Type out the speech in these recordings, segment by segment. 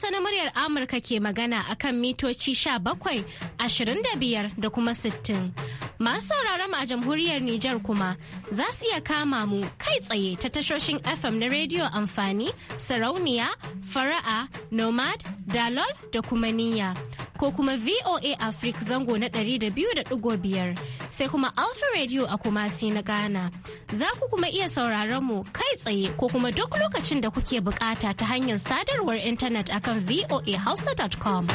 Hausa na muryar Amurka ke magana a kan mitoci bakwai ashirin da biyar da kuma sittin Masu sauraron a jamhuriyar Nijar kuma za su iya kama mu kai tsaye ta tashoshin FM na rediyo amfani, sarauniya, fara'a, nomad, dalol da kuma niyya. ko kuma VOA Africa zango na 200.5 sai kuma Alpha Radio a Kumasi na Ghana. Za ku kuma iya sauraron mu kai tsaye ko kuma duk lokacin da kuke bukata ta hanyar sadarwar intanet akan voahausa.com.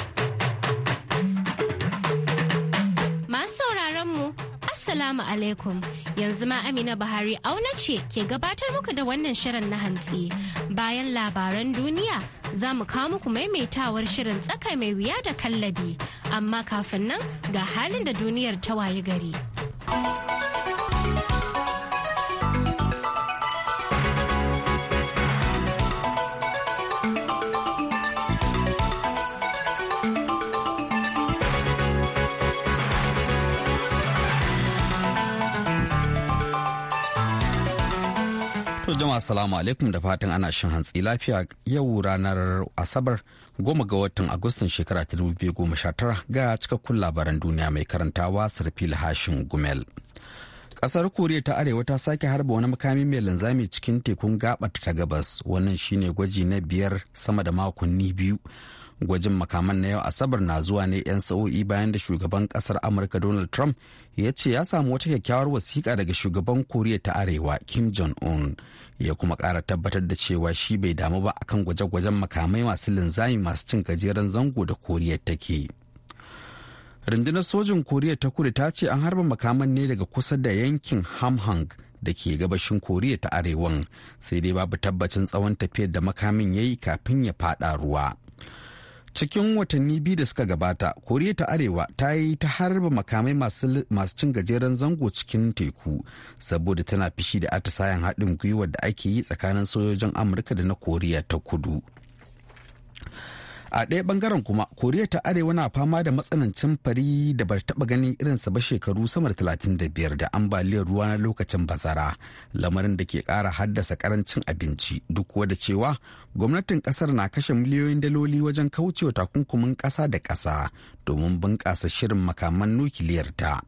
Masu sauraron Assalamu alaikum yanzu ma Amina Buhari auna ce ke gabatar muku da wannan shirin na hantsi bayan labaran duniya za mu kawo muku maimaitawar shirin tsaka mai wuya da kallabi amma kafin nan ga halin da duniyar ta waye gari. jama'a salamu alaikum da fatan ana shin hantsi lafiya yau ranar asabar goma ga watan agustan shekara ta biyu goma sha tara ga cikakkun labaran duniya mai karantawa sarfil hashin gumel kasar koriya ta arewa ta sake harba wani makami mai linzami cikin tekun gabar ta gabas wannan shine gwaji na biyar sama da makonni biyu Gwajin makaman na yau Asabar na zuwa ne 'yan sa'o'i bayan da shugaban kasar Amurka Donald Trump ya ce ya samu wata kyakkyawar wasiƙa daga shugaban Koriya ta Arewa Kim Jong-un ya kuma ƙara tabbatar da cewa shi bai damu ba akan gwaje-gwajen makamai masu linzami masu cin gajeren zango da Koriya ta ke. Rundunar sojin Koriya ta kudu ta ce an harba makaman ne daga kusa da yankin Hamhang da ke gabashin koriya ta arewan sai dai babu tabbacin tsawon tafiyar da makamin ya yi kafin ya fada ruwa cikin watanni biyu da suka gabata koriya ta arewa ta yi ta harba makamai masu cin gajeren zango cikin teku saboda tana fishi da atisayen haɗin gwiwar da ake yi tsakanin sojojin amurka da na koriya ta kudu a ɗaya bangaren kuma koriya ta arewa na fama da matsanancin fari da bar taɓa ganin irinsa ba shekaru sama da talatin da biyar da ambaliyar ruwa na lokacin bazara lamarin da ke ƙara haddasa ƙarancin abinci duk da cewa gwamnatin ƙasar na kashe miliyoyin daloli wajen kaucewa takunkumin ƙasa da ƙasa domin bunƙasa shirin makaman nukiliyar ta.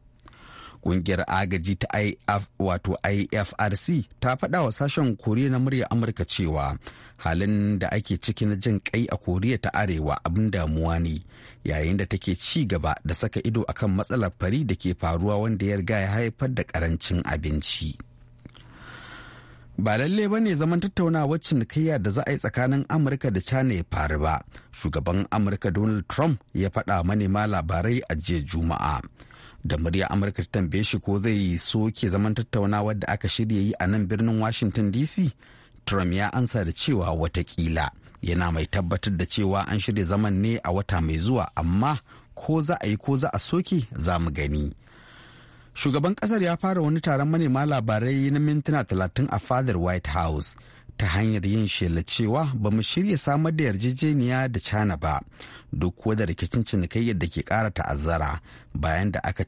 Ƙungiyar agaji ta IF, wato IFRC ta faɗa wa sashen Koriya na murya Amurka cewa halin da ake ciki na jin kai a Koriya ta Arewa abin damuwa ne yayin da take ci gaba da saka ido akan matsalar fari da ke faruwa wanda ya riga ya haifar da karancin abinci. ba lalle ba ne zaman tattaunawar cinikayya da za a yi tsakanin amurka da china ya faru ba shugaban amurka donald trump ya faɗa manema labarai a jiya juma'a da murya amurka ta tambaye shi ko zai soke zaman tattaunawa da aka shirya yi a nan birnin washington dc trump ya ansa da cewa watakila yana mai tabbatar da cewa an shirya zaman ne a wata mai zuwa amma ko za a yi ko za a soke za mu gani shugaban kasar ya fara wani taron manema labarai na mintuna 30 a fadar white house ta hanyar yin shela cewa ba mu shirya samar da yarjejeniya da cana ba duk da rikicin cinikayyar da ke kara ta'azzara bayan da aka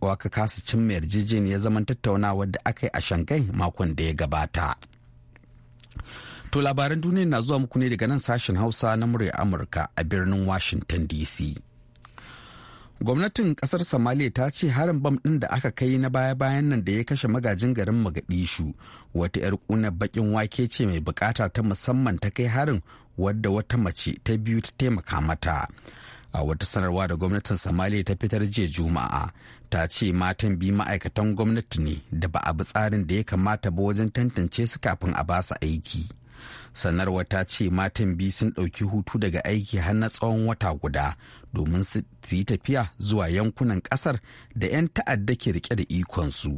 waka kasa cimma yarjejeniyar zaman tattaunawa da aka yi a shangai makon da ya gabata. To labaran duniya na zuwa muku ne daga nan sashen Hausa na murya Amurka a birnin Washington DC. gwamnatin kasar somalia ta ce harin bam ɗin da aka kai na baya-bayan nan da ya kashe magajin garin magadishu wata 'yar ƙunar bakin wake ce mai bukata ta musamman ta kai harin wadda wata mace ta biyu ta taimaka mata a wata sanarwa da gwamnatin somalia ta fitar jiya juma'a ta ce matan bi ma'aikatan gwamnati ne da ba a bi tsarin da ya kamata ba wajen tantance su kafin a ba su aiki sanarwa ta ce matan biyu sun ɗauki hutu daga aiki har na tsawon wata guda domin su yi tafiya zuwa yankunan ƙasar da 'yan ta'adda ke rike da ikonsu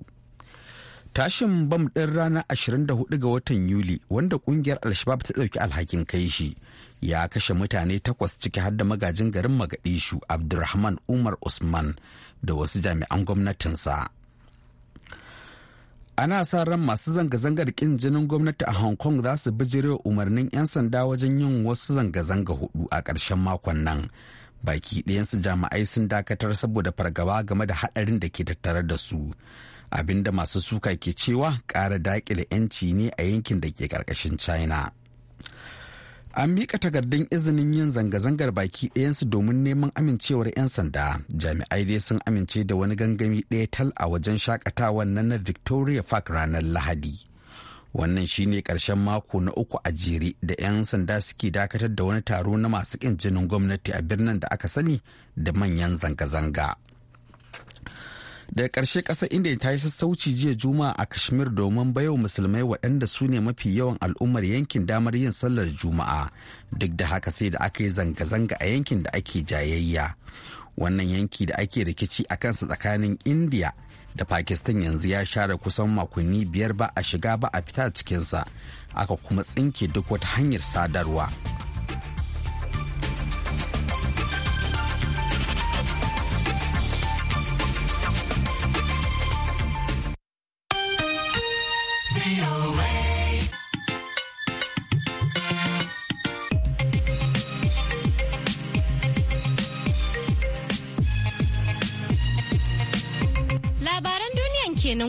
tashin bam ɗin ranar 24 ga watan yuli wanda ƙungiyar alshabab ta ɗauki alhakin kai shi ya kashe mutane takwas ciki har da magajin garin magadishu abdulrahman umar usman da wasu jami'an gwamnatinsa ana sa ran masu zanga-zangar kin jinin gwamnati a hong kong za su bijire umarnin 'yan sanda wajen yin wasu zanga-zanga hudu a ƙarshen makon nan baki ɗayansu jami'ai sun dakatar saboda fargaba game da haɗarin da ke tattare da su abinda masu suka ke cewa ƙara daƙile 'yanci ne a yankin da ke ƙarƙashin china an mika takardun izinin yin zanga-zangar baki ɗayansu domin neman amincewar 'yan sanda jami'ai dai sun amince da wani gangami ɗaya tal a wajen shakatawa nan na victoria park ranar lahadi wannan shine ƙarshen mako na uku a jere da 'yan sanda suke dakatar da wani taro na masu ƙin jinin gwamnati a birnin da aka sani da manyan zanga-zanga daga ƙarshe ƙasar india ta yi sassauci jiya juma'a a kashmir domin bayo musulmai waɗanda su ne mafi yawan al'ummar yankin damar yin sallar juma'a duk da haka sai da aka yi zanga-zanga a yankin da ake jayayya wannan yanki da ake rikici a kansa tsakanin india da pakistan yanzu ya share kusan makonni biyar ba a shiga ba a fita cikinsa aka kuma tsinke duk wata hanyar sadarwa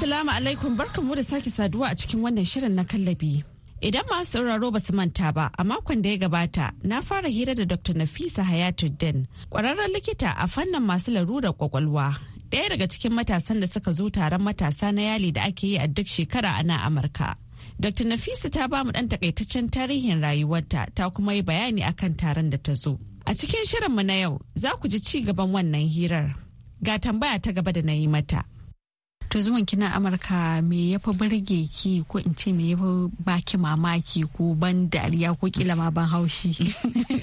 Assalamu alaikum barkanmu da sake saduwa a cikin wannan shirin na kallabi. Idan masu sauraro ba su manta ba, a makon da ya gabata na fara hira da Dr. Nafisa Hayatuddin, Ƙwararren likita a fannin masu larurar kwakwalwa. Ɗaya daga cikin matasan da suka zo taron matasa na yali da ake yi a duk shekara a nan Amurka. Dr. Nafisa ta ba mu ɗan takaitaccen tarihin rayuwarta ta kuma yi bayani akan taron da ta zo. A cikin shirin mu na yau za ku ji ci gaban wannan hirar. Ga tambaya ta gaba da na yi mata. to zuwan kina amurka me ya fi birge ki ko in ce me ya fi baki mamaki ko ban dariya ko kila ma ban haushi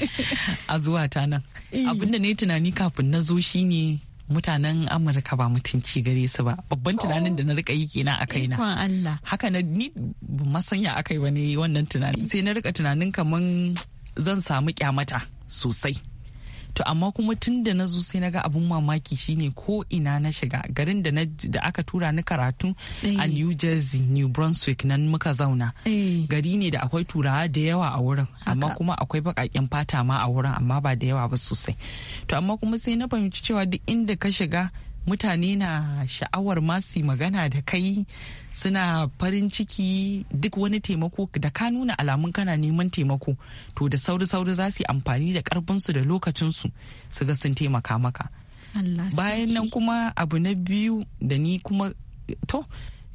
a zuwa ta nan eh. abinda na tunani kafin na zo shine mutanen amurka ba mutunci gare su ba babban oh. tunanin da na rika yi kenan a kaina haka na ni masanya akai ba ne wannan tunanin sai na rika tunanin kaman zan samu kyamata sosai to amma kuma tun da na zo sai na ga abun mamaki shine ko ina na shiga garin da da aka tura ni karatu a eh. New Jersey New Brunswick nan muka zauna eh. gari ne da akwai turawa da yawa a wurin amma kuma akwai bakaken fata ma a wurin amma ba da yawa ba sosai to amma kuma sai na fahimci cewa duk inda ka shiga mutane na sha'awar masu magana da kai suna farin ciki duk wani taimako da ka nuna alamun kana neman taimako to da sauri-sauri za su yi amfani da karfinsu da lokacinsu su ga sun taimaka maka bayan nan kuma abu na biyu da ni kuma to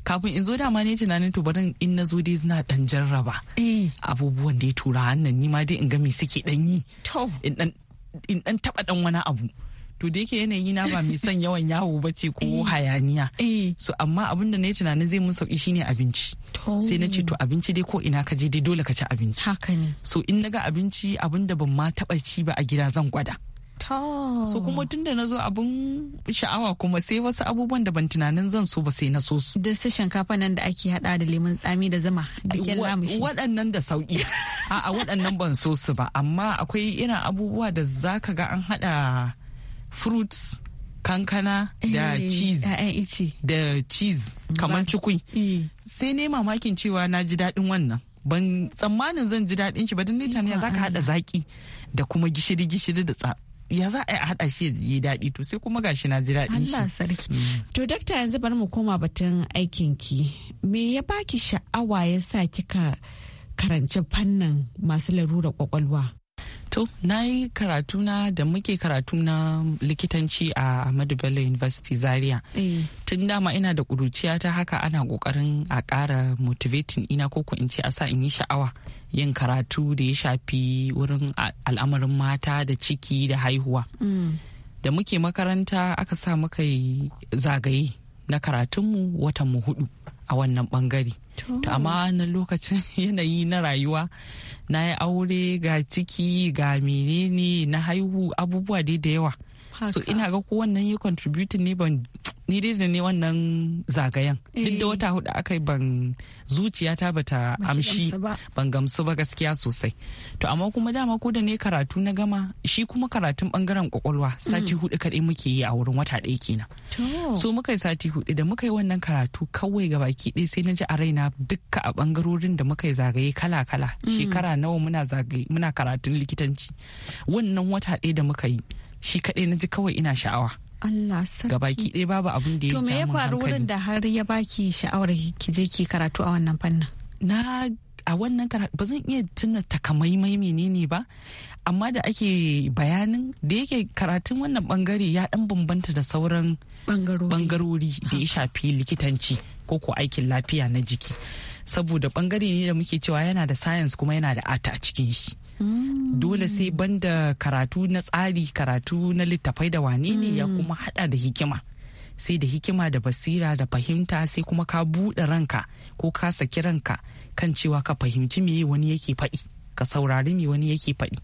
kafin in zo dama ne tunanin to barin in na zo dai na dan jarraba eh. abubuwan da ya tura hannun ni ma dai in ga me suke dan yi in dan taba dan wani abu to da yake yanayi na ba mai son yawan yawo ba ce ko eh. hayaniya eh. so amma abin da na yi tunanin zai mun sauki shine abinci sai na ce to abinci dai ko ina ka je dai dole ka ci abinci haka ne so in naga abinci abin da ban ma taba ci ba a gida zan gwada so kuma tun da na zo abin sha'awa kuma sai wasu abubuwan da ban tunanin zan so ba sai na so su. Duk su shinkafa nan da ake hada da lemun tsami da zama da kyallamishi. Waɗannan da sauƙi. A'a waɗannan ban so su ba amma akwai irin abubuwa da za ka ga an hada fruits kankana da eh, cheese da cheese kamar cikui eh. sai ne mamakin cewa na ji daɗin wannan ban tsammanin zan ji daɗin shi ba don ne ya ka haɗa zaki da kuma gishiri gishiri da tsa ya za a haɗa shi yi daɗi to sai kuma gashi na ji daɗin shi. Allah sarki. Mm. To dakta yanzu bari mu koma batun aikin ki. Me ya baki sha'awa ya sa kika karanci fannin masu larura kwakwalwa? To, na yi karatu na da muke karatu na likitanci a Ahmadu Bello University Zaria. Eh. Tun dama ina da kuruciya ta haka ana kokarin a ƙara motivating ina koko in ce a sa in yi sha'awa yin karatu da ya shafi wurin al'amarin mata da ciki da haihuwa. Mm. Da muke makaranta aka sa muka zagaye na karatunmu watan mu hudu a wannan bangare. to amma wannan lokacin yanayi na rayuwa na yi aure ga ciki ga menene na haihu abubuwa dai da yawa so ina ga ko wannan ya contribute ne ban ni dai da ne wannan zagayen duk da eh. wata hudu aka ban zuciyata bata amshi ban gamsu ba gaskiya sosai to amma kuma dama ko da ne karatu na gama shi kuma karatun bangaren kwakwalwa sati mm. hudu kadai muke yi a wurin wata ɗaya kenan so muka yi sati hudu da muka yi wannan karatu kawai ga baki ɗaya sai na ji a raina dukka a bangarorin da muka yi zagaye kala kala mm. shekara nawa muna zagaye muna karatun likitanci wannan wata ɗaya da muka yi shi kaɗai na ji kawai ina sha'awa Allah sarki. Gabaki ɗaya babu abin da ya To me ya faru wurin da har ya baki sha'awar ki je ki karatu a wannan fannin? Na a wannan karatu ba zan iya tuna takamaimai menene ba amma da ake bayanin da yake karatun wannan bangare ya dan bambanta da sauran bangarori da ya shafi likitanci ko ko aikin lafiya na jiki saboda bangare ne da muke cewa yana da science kuma yana da ata a cikin shi Mm. dole sai banda karatu na tsari karatu na littafai da wane ne ya mm. kuma hada da hikima sai da hikima da basira da fahimta sai kuma ka buɗe ranka ko ka saki ranka kan cewa ka fahimci me wani yake faɗi ka saurari me wani yake faɗi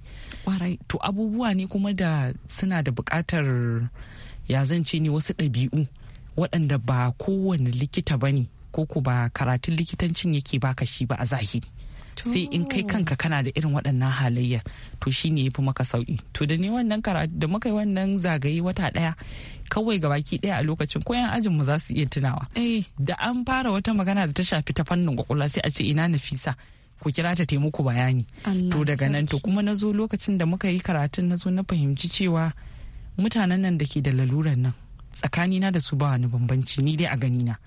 to abubuwa ne kuma da suna da buƙatar ya zance ne wasu ɗabi'u waɗanda ba kowane likita ba ne ko ku ba karatun likitancin yake baka shi ba a zahiri sai in kai kanka kana da irin waɗannan halayyar to shine yafi maka sauki to da ni wannan karatu da muka yi wannan zagaye wata ɗaya kawai ga baki ɗaya a lokacin ko yan ajin mu za su iya tunawa eh. da an fara wata magana da ta shafi ta fannin kwakwalwa sai a ce ina nafisa ku kira ta taimako bayani to daga nan to kuma na zo lokacin da muka yi karatun na zo na fahimci cewa mutanen nan da ke da laluran nan tsakanina da su ba wani bambanci ni dai a ganina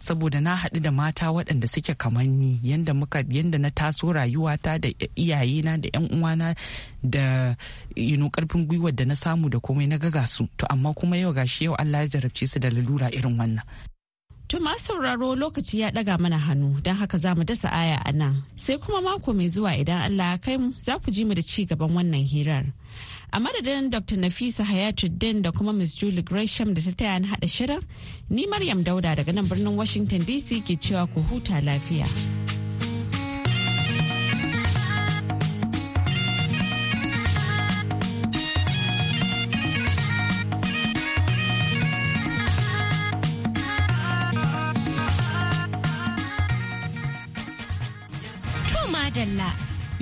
saboda na haɗu da mata waɗanda suke kamar ni Yadda muka yanda na taso rayuwata da iyayena da yan uwana da yino karfin gwiwar da na samu da komai na gaga su to amma kuma yau gashi yau Allah ya jarabce su da lalura irin wannan To masu sauraro lokaci ya ɗaga mana hannu don haka za mu dasa aya a nan. Sai kuma mako mai zuwa idan Allah kai mu za ku ji mu da ci gaban wannan hirar. A madadin Dr. Nafisa Hayatuddin da kuma Ms. Julie Gresham da ta taya ni haɗa shirin, ni Maryam Dauda daga nan birnin Washington DC ke cewa ku huta lafiya.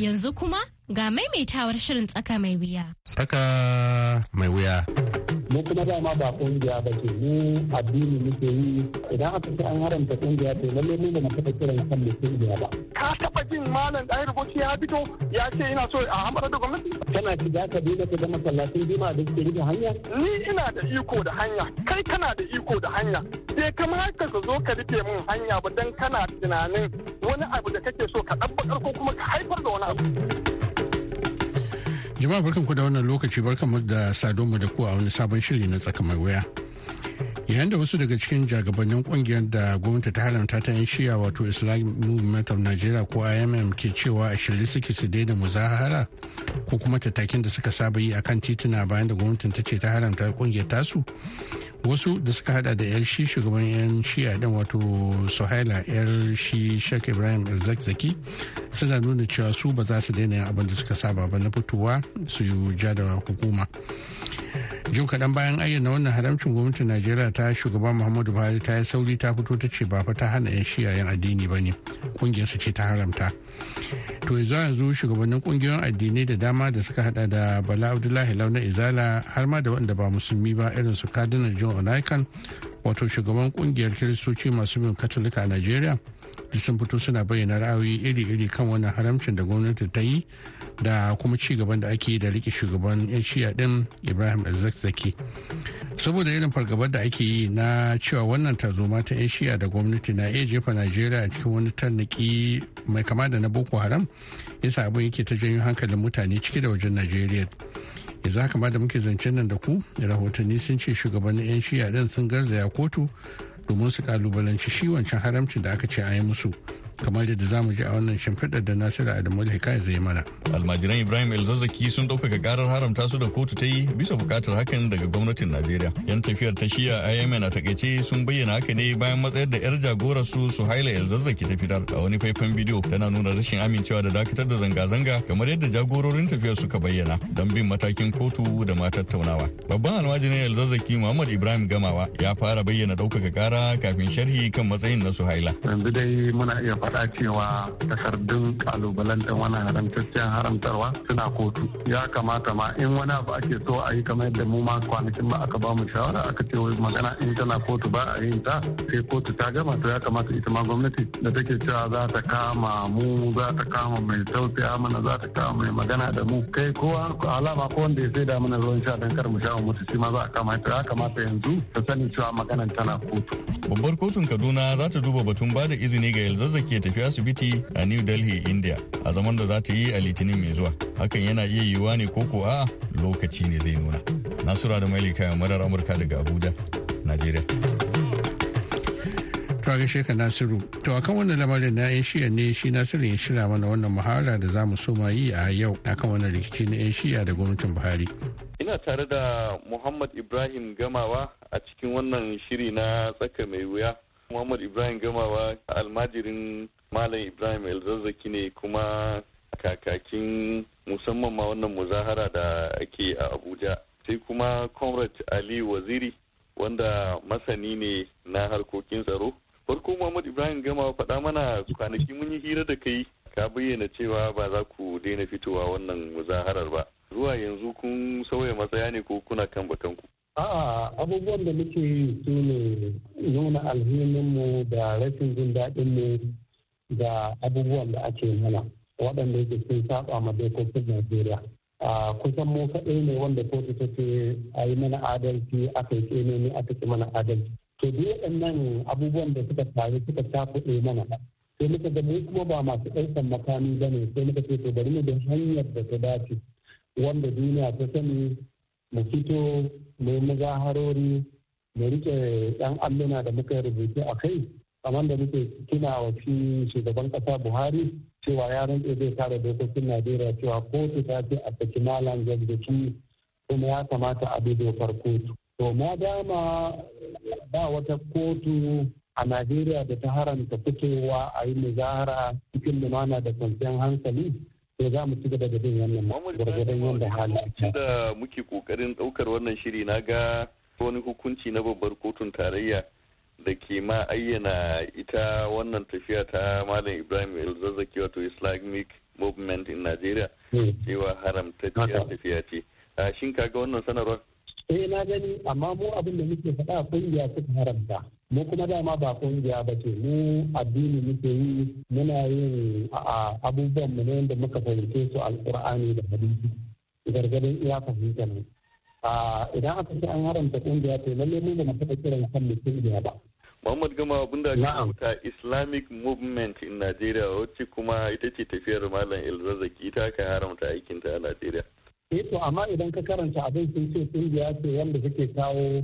Yanzu kuma ga maimaitawar shirin tsaka mai wuya. Tsaka mai wuya. Mu kuma ma ba kungiya ba ke mu addini muke yi idan aka ce an haramta kungiya to lalle mu ba mu taɓa kiran kan mu kungiya ba. Ka taɓa jin malam ɗan rubuci ya fito ya ce ina so a hamara da gwamnati. Kana shiga ka daina ka ga masallacin juma'a da suke rike hanya. Ni ina da iko da hanya kai kana da iko da hanya. kamar haka ka zo ka rufe min hanya ba dan kana tunanin wani abu da kake so ka ɗabbaƙar ko kuma ka haifar da wani abu. jama'a barkan ku da wannan lokaci barkan mu da sadonmu da ku a wani sabon shiri na tsaka mai wuya. yayin da wasu daga cikin jagabannin kungiyar da gwamnati ta haramta ta yan shiya wato islamic movement of nigeria ko imm ke cewa a shirye suke su daina muzahara ko kuma tattakin da suka saba yi akan tituna bayan da gwamnatin ta ce ta haramta kungiyar tasu wasu da suka hada da yar shi shugaban yan shi'a din wato suhaila yar shi shek ibrahim zaki suna nuna cewa su ba za su daina yin abin da suka saba ba na fitowa su yi ja da hukuma jin kaɗan bayan ayyana wannan haramcin gwamnatin najeriya ta shugaban muhammadu buhari ta yi sauri ta fito ta ce ba fa ta hana yan shiya yan addini ba ne ƙungiyarsu ce ta haramta to za yanzu shugabannin kungiyoyin addinai da dama da suka hada da bala abdullahi launa izala har ma da wanda ba musulmi ba irin su kadinar john onaikan wato shugaban kungiyar kiristoci masu bin katolika a nigeria da sun fito suna bayyana ra'ayoyi iri-iri kan wannan haramcin da gwamnati ta yi da kuma ci gaban da ake yi da rike shugaban yan shiya din ibrahim zaki saboda irin fargabar da ake yi na cewa wannan tarzoma ta yan shiya da gwamnati na iya jefa najeriya a cikin wani tarniki mai kama da na boko haram yasa abin yake ta janyo hankalin mutane ciki da wajen najeriya yanzu haka ma da muke zancen nan da ku rahotanni sun ce shugabannin 'yan shiya din sun garzaya kotu domin su kalubalanci shi wancan haramcin da aka ce a yi musu kamar yadda zamu ji a wannan shimfiɗar da nasiru adamu hikaya zai mana almajiran ibrahim elzazzaki sun ɗaukaka karar haramta su da kotu ta yi bisa buƙatar hakan daga gwamnatin najeriya yan tafiyar ta shiya imn a takaice sun bayyana haka ne bayan matsayar da yar jagorar su haila elzazzaki ta fitar a wani faifan bidiyo tana nuna rashin amincewa da dakatar da zanga-zanga kamar yadda jagororin tafiyar suka bayyana don bin matakin kotu da ma tattaunawa babban almajirin elzazzaki muhammad ibrahim gamawa ya fara bayyana ɗaukaka kara kafin sharhi kan matsayin na suhaila yanzu dai muna iya faɗa cewa takardun ɗan wani haramtaccen haramtarwa suna kotu ya kamata ma in wani abu ake so a yi kamar yadda mu ma kwanakin ba aka ba mu shawara aka ce wai magana in tana kotu ba a yin ta sai kotu ta gama to ya kamata ita ma gwamnati da take cewa za ta kama mu za ta kama mai sauti mana za ta kama mai magana da mu kai kowa alama ko wanda ya saida mana ruwan sha dan kar mu sha mu shi ma za a kama ya kamata yanzu ta sani cewa maganan tana kotu babbar kotun kaduna za ta duba batun bada izini ga yalzazzake ke tafi asibiti a New Delhi, India a zaman da za ta yi a Litinin mai zuwa. Hakan yana iya yiwuwa ne ko ko a lokaci ne zai nuna. Nasura da Malika marar Amurka daga Abuja, Najeriya. To gaishe ka Nasiru, to akan wannan lamarin na 'yan shiya ne shi Nasiru ya shirya mana wannan muhawara da za mu so ma yi a yau akan wannan rikici na 'yan shiya da gwamnatin Buhari. Ina tare da Muhammad Ibrahim Gamawa a cikin wannan shiri na tsaka mai wuya Muhammad Ibrahim Gamawa almajirin Malam Ibrahim Elzazzaki ne kuma kakakin musamman ma wannan muzahara da ake a Abuja. Sai kuma Comrade Ali Waziri wanda masani ne na harkokin tsaro. Farko Muhammad Ibrahim Gamawa faɗa mana kwanaki mun yi hira da kai ka bayyana cewa ba za ku daina fitowa wannan muzaharar ba. Zuwa yanzu kun sauya matsaya ne ko kuna kan bakanku. A'a abubuwan da muke yi su ne nuna alhininmu da rashin jin daɗinmu da abubuwan da ake mana waɗanda yake sun saba ma dokokin Najeriya. a kusan mu kaɗai ne wanda kotu ta ce a yi mana adalci aka yi tsene ne a mana adalci to duk waɗannan abubuwan da suka faru suka tafi mana sai muka ga mu kuma ba masu ɗaukar makami ba ne sai muka ce to bari mu da hanyar da ta dace wanda duniya ta sani mu fito mu muzaharori mu rike dan alluna da muka rubutu a kai kamar da muke tuna wa shi shugaban ƙasa buhari cewa ya rantse zai kare dokokin najeriya cewa kotu ta ce a saki malam zazzaki kuma ya kamata a bido kotu to ma dama ba wata kotu a najeriya da ta haramta fitowa a yi muzahara cikin lumana da kwanciyar hankali sai za mu ci gaba da bin wannan gwargwadon yadda hali da muke kokarin daukar wannan shiri na ga wani hukunci na babbar kotun tarayya da ke ma ayyana ita wannan tafiya ta malam ibrahim elzazzaki wato islamic movement in nigeria hmm. cewa haramta tafiya ce shin kaga wannan sanarwar eh na gani amma mu abin da muke faɗa kungiya suka haramta mu kuma dama ba kungiya ba ce mu addini muke yi muna yin abubuwan mu ne da muka fahimce su alkur'ani da hadisi gargadin iya fahimta ne idan aka ce an haramta kungiya to lalle mu ba mu taɓa kiran kan kungiya ba Muhammad Gama abinda aka ta Islamic Movement in Najeriya wacce kuma ita ce tafiyar Malam Elzazaki ta ka haramta aikinta a Najeriya. Eh to amma idan ka karanta abin sun ce kungiya ce wanda suke kawo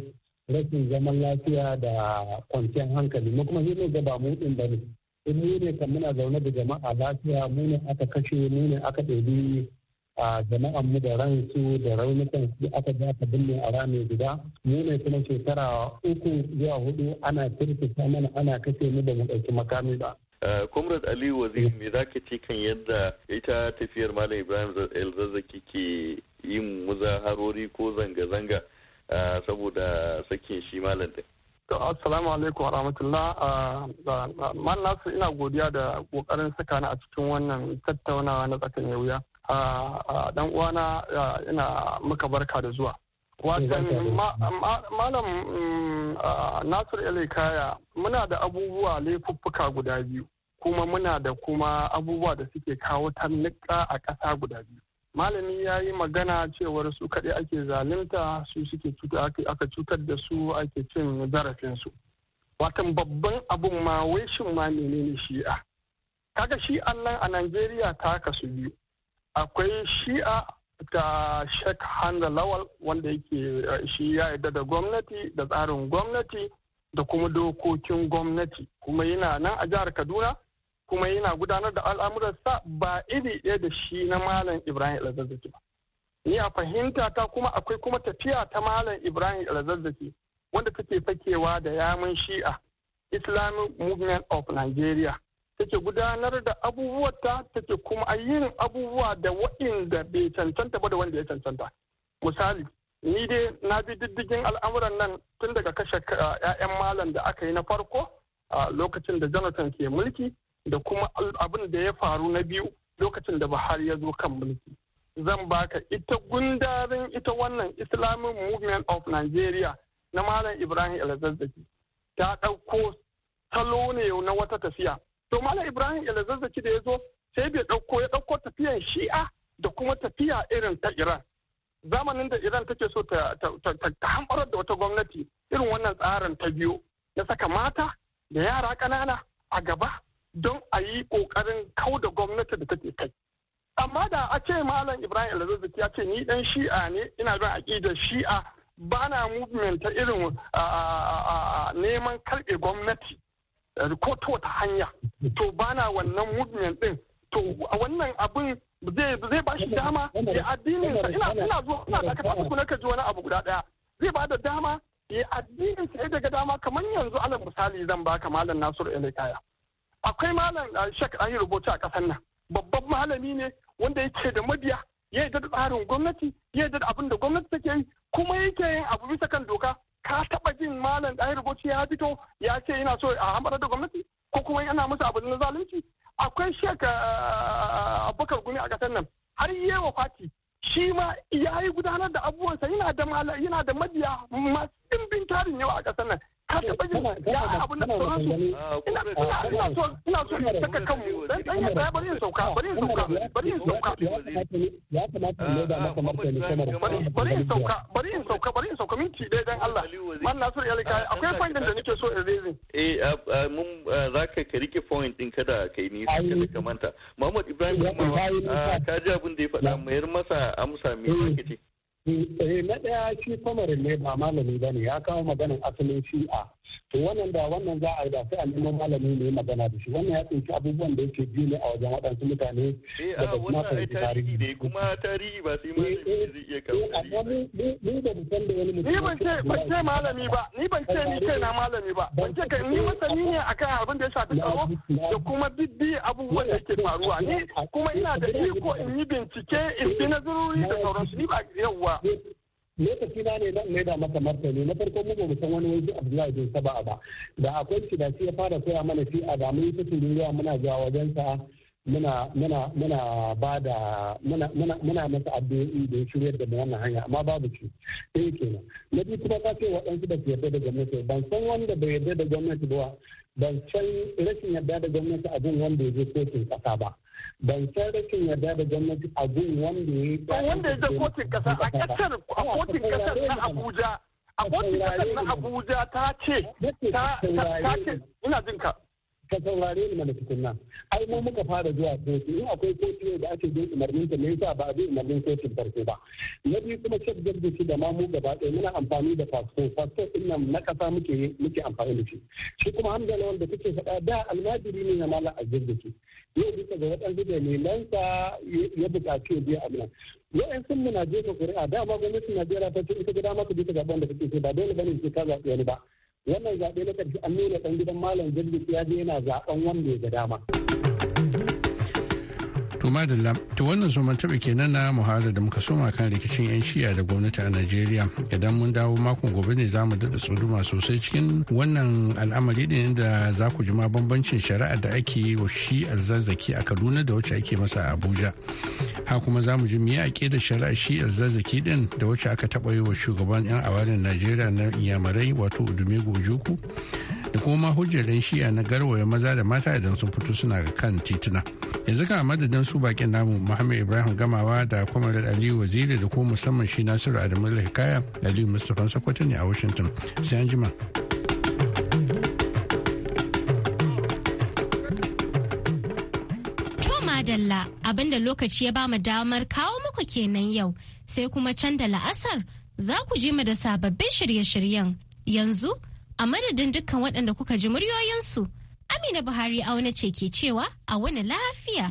rashin zaman lafiya da kwanciyar hankali mu kuma shi ne ga ba mu din bane in mu ne kan muna zaune da jama'a lafiya mu ne aka kashe mu ne aka ɗebi a jama'an mu da ransu da raunukan su aka ji aka binne a rami guda mu ne kuma shekara uku zuwa hudu ana turkusa mana ana kashe mu da mu ɗauki makami ba eh, comrade ali wazir me za ka ce kan yadda ita tafiyar malam ibrahim el ke yin muzaharori ko zanga-zanga Eh, saboda sakin shi malam din to assalamu alaikum warahmatullah eh, eh, Man nasu ina godiya da kokarin saka ni a cikin wannan tattaunawa na tsakan yauya dan uwana ina muka barka da zuwa Watan Malam mm, Nasir Elikaya muna da abubuwa laifuffuka guda biyu kuma muna da kuma abubuwa da suke kawo tannika a ƙasa guda biyu. malami ya yi magana cewar su kaɗai ake zalunta su suke aka cutar da su ake cin zarafinsu watan babban abun ma wai shin ma menene shi'a kaga shi'an nan a najeriya ta su biyu akwai shi'a ta shek hanza lawal wanda yake eh, shi ya yarda da gwamnati da tsarin gwamnati da kuma dokokin gwamnati kuma yana nan a jihar kaduna kuma yana gudanar da sa ba iri ɗaya da shi na malam ibrahim alzazzaki ba ni a fahimta ta kuma akwai kuma tafiya ta malam ibrahim alzazzaki wanda take fakewa da yamun shi'a islamic movement of nigeria take gudanar da abubuwata take kuma a yin abubuwa da waɗanda bai cancanta ba da wanda ya cancanta misali ni dai na bi diddigin al'amuran nan tun daga kashe 'ya'yan ah, malam da aka yi na farko a ah, lokacin da jonathan ke mulki da kuma abin da ya faru na biyu lokacin da Buhari ya zo kan mulki. Zan baka ita gundarin ita wannan Islamic Movement of Nigeria na Malam Ibrahim Elazazzaki ta ɗauko salo ne na wata tafiya. To Malam Ibrahim Elazazzaki da ya zo sai bai ɗauko ya ɗauko tafiyan shi'a da kuma tafiya irin ta Iran. Zamanin da Iran take so ta hamɓarar da wata gwamnati irin wannan tsarin ta biyu ya saka mata da yara ƙanana a gaba don a yi ƙoƙarin kau da gwamnati da take kai. Amma da a ce Malam Ibrahim Elizabeth ya ce ni dan shi'a ne ina bin aƙidar shi'a ba na movement ta irin neman karɓe gwamnati eh, ko ta hanya. To ba na wannan movement ɗin. To wannan abin zai ba shi dama ya addininsa ina ina zuwa ina tafi kuna ka ji wani abu guda ɗaya. Zai ba da dama ya addininsa ya daga dama kamar yanzu alal misali zan baka Malam Nasiru Elekaya. akwai malam shek an yi rubutu a ƙasar nan babban malami ne wanda yake da mabiya ya da tsarin gwamnati ya da abin da gwamnati take yi kuma yake yin abu bisa kan doka ka taba jin malam ɗan rubutu ya fito ya ce yana so a hambar da gwamnati ko kuma yana musu abu na zalunci akwai shek uh, abubakar gumi a ƙasar nan har yi wa fati shi ma ya yi gudanar da abubuwansa yana da yana da mabiya masu ɗimbin tarin yawa a ƙasar nan haka ba ya abu na sauran su ina ina so ina so saka kanmu dan dan ya tsaya bari in sauka bari in sauka bari in sauka ya kamata ah, da maka martani kamar bari in sauka bari in sauka bari in sauka minti dan Allah man Nasiru ya lika ah, akwai point da nake so in raising eh ah, mun zaka ka rike point din kada kai ni kada Muhammad Ibrahim ka ji abin da ya faɗa mayar masa amsa me eh. kake ce Eh, na ɗaya shi kwamarin ne ba malami ba ne ya kawo maganin asalin shi'a to wannan da wannan za a yi da sai a nemo malami ne magana da shi wannan ya tsinci abubuwan da yake biyu ne a wajen waɗansu mutane da ba kuma fahimci tarihi ne kuma tarihi ba sai malami eh, eh, zai iya kawo tarihi eh, ni ni ban ce ban ce malami ba ni ban ce ni kai na malami ba ban ce kai ni masani ne akan abin da ya shafi tsaro da kuma bibbi abubuwan da yake faruwa ni kuma ina da iko in yi bincike in bi nazarori da sauransu ni ba yawwa lokaci na ne zan maida masa martani na farko mu ba san wani wani Abdullahi bin Saba'a ba da akwai shi da shi ya fara koya mana shi a damu yi tun ruwa muna zuwa wajen sa muna da muna masa addu'o'i da ya shirya da wannan hanya amma babu shi sai kenan na biyu kuma ka ce waɗansu da su yarda da gwamnati ban san wanda bai yarda da gwamnati ba ban san rashin yarda da gwamnati abin wanda ya je kotun ƙasa ba ban san rashin yarda da gwamnati a gun wanda ya yi wanda ya je kotun kasa a kasar a kotun kasar na Abuja a kotun kasar na Abuja ta ce ta ce ina jin ka ka saurare ni mana tukunna ai mu muka fara zuwa kotu in akwai kotu ne da ake bin umarnin ta me yasa ba a bi umarnin kotun farko ba na biyu kuma shek jirgin da ma mu gaba ɗaya muna amfani da fasfo fasfo din nan na kasa muke muke amfani da shi shi kuma hamza lawan da kuke faɗa da almajiri ne na mala a jirgin shi yau bisa ga waɗansu dalilansa ya buƙaci ya biya nan yayin mu muna jefa ƙuri'a dama gwamnatin najeriya ta ce ita gida maka bisa ga wanda kuke da ba dole bane ce ka zaɓi wani ba wannan zaɓe na ƙarshe an nuna ɗan gidan malam jirgin ya je yana zaɓen wanda ya ga dama. To madalla, to wannan zuman taɓa kenan na muhara da muka soma kan rikicin 'yan shiya da gwamnati a Najeriya. Idan mun dawo makon gobe ne za mu daɗa tsuduma sosai cikin wannan al'amari ne da za ku ji ma bambancin shari'a da ake yi wa shi alzazzaki a Kaduna da wacce ake masa a Abuja. Ha kuma za mu ji me ake da shari'a shi alzazzaki din da wacce aka taba yi wa shugaban 'yan awarin Najeriya na Iyamarai wato udumegu juku. da kuma hujjar yan shi'a na garwaya maza da mata idan sun fito suna kan tituna yanzu kan madadin su bakin namu muhammad ibrahim gamawa da kwamarar ali waziri da kuma musamman shi nasiru adamu hikaya aliyu mustapha sakwato ne a washington sai an jima madalla abinda lokaci ya ba mu damar kawo muku kenan yau sai kuma can da la'asar za ku je mu da sababbin shirye-shiryen yanzu A madadin dukkan waɗanda kuka ji muryoyinsu, Amina Buhari a wani ce ke cewa a wani lafiya.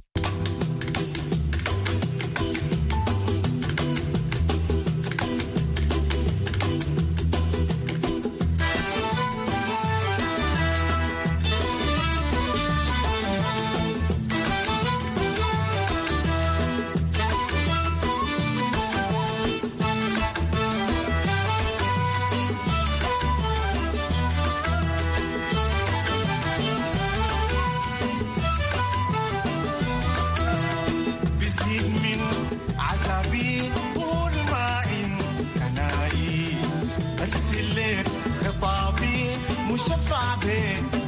Muxa Fábio.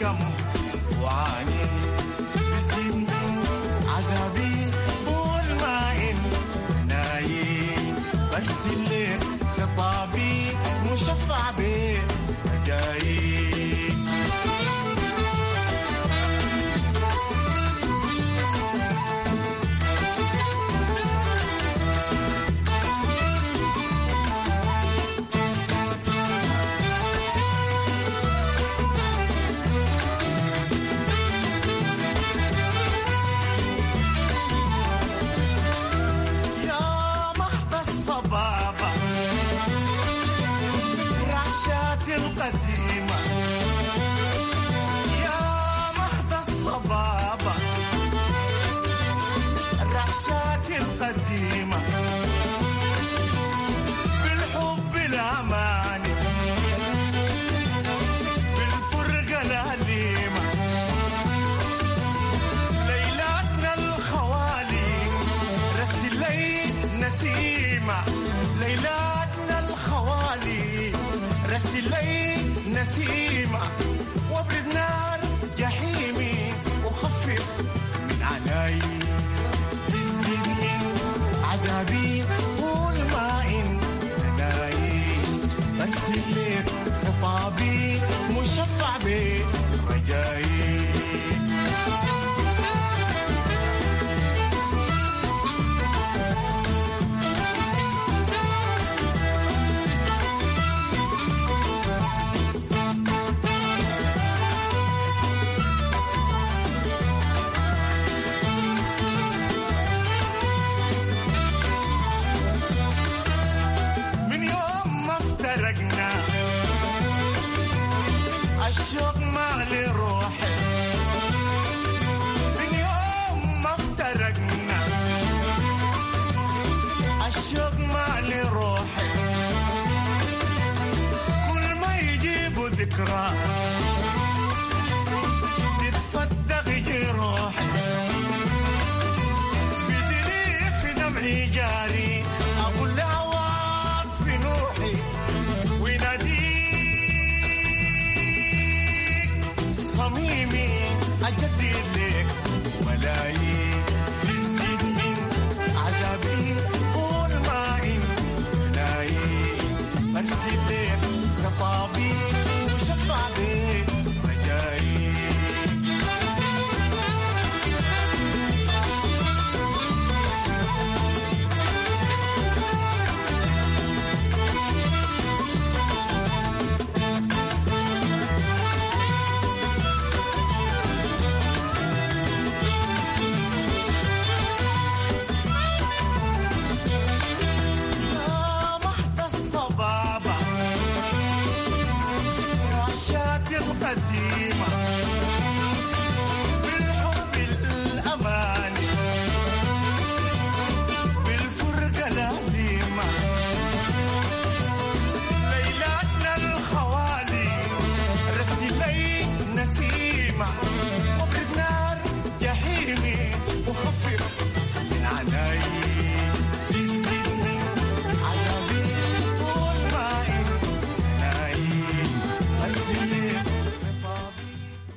كم وعاني بسن عذابي طول ما انا نايم برسل خطابي مشفع